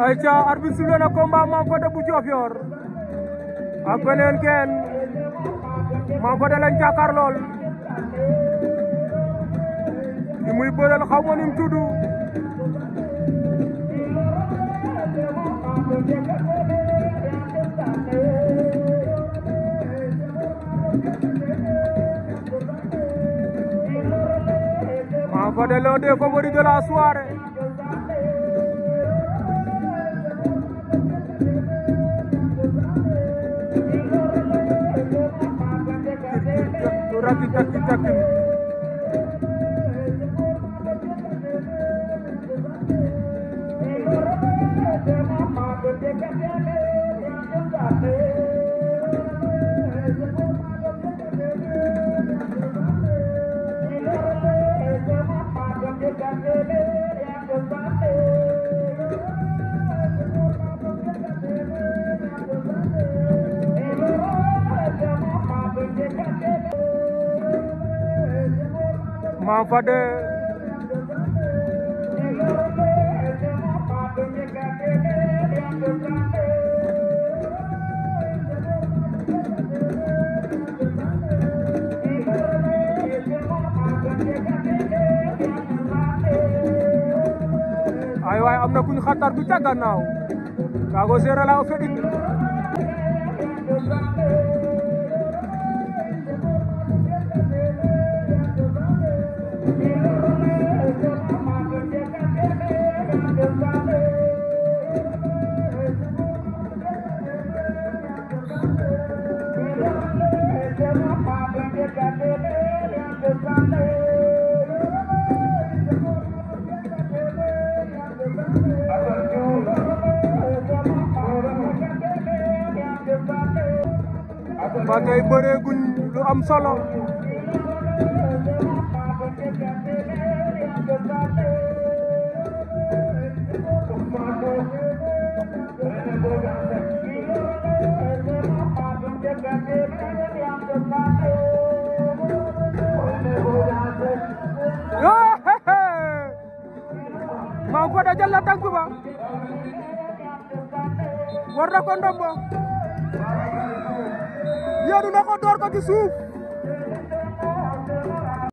ayca arbitre sifflé na combat Mame Fadé bu Diofior ak beneen kenn Mame Fadé lañ lool li muy bëreel xaw ma nu mu tudd Mame Fadé l'un des favoris de a a a takk a ni Mame Fadé ay waay am na kuñ xatar bi ca gannaaw Kago Séra la o ba tey bëreeguñ lu am solo Fodé jël na tànk ba war na ko ndombo yéenu ko door ko ci suuf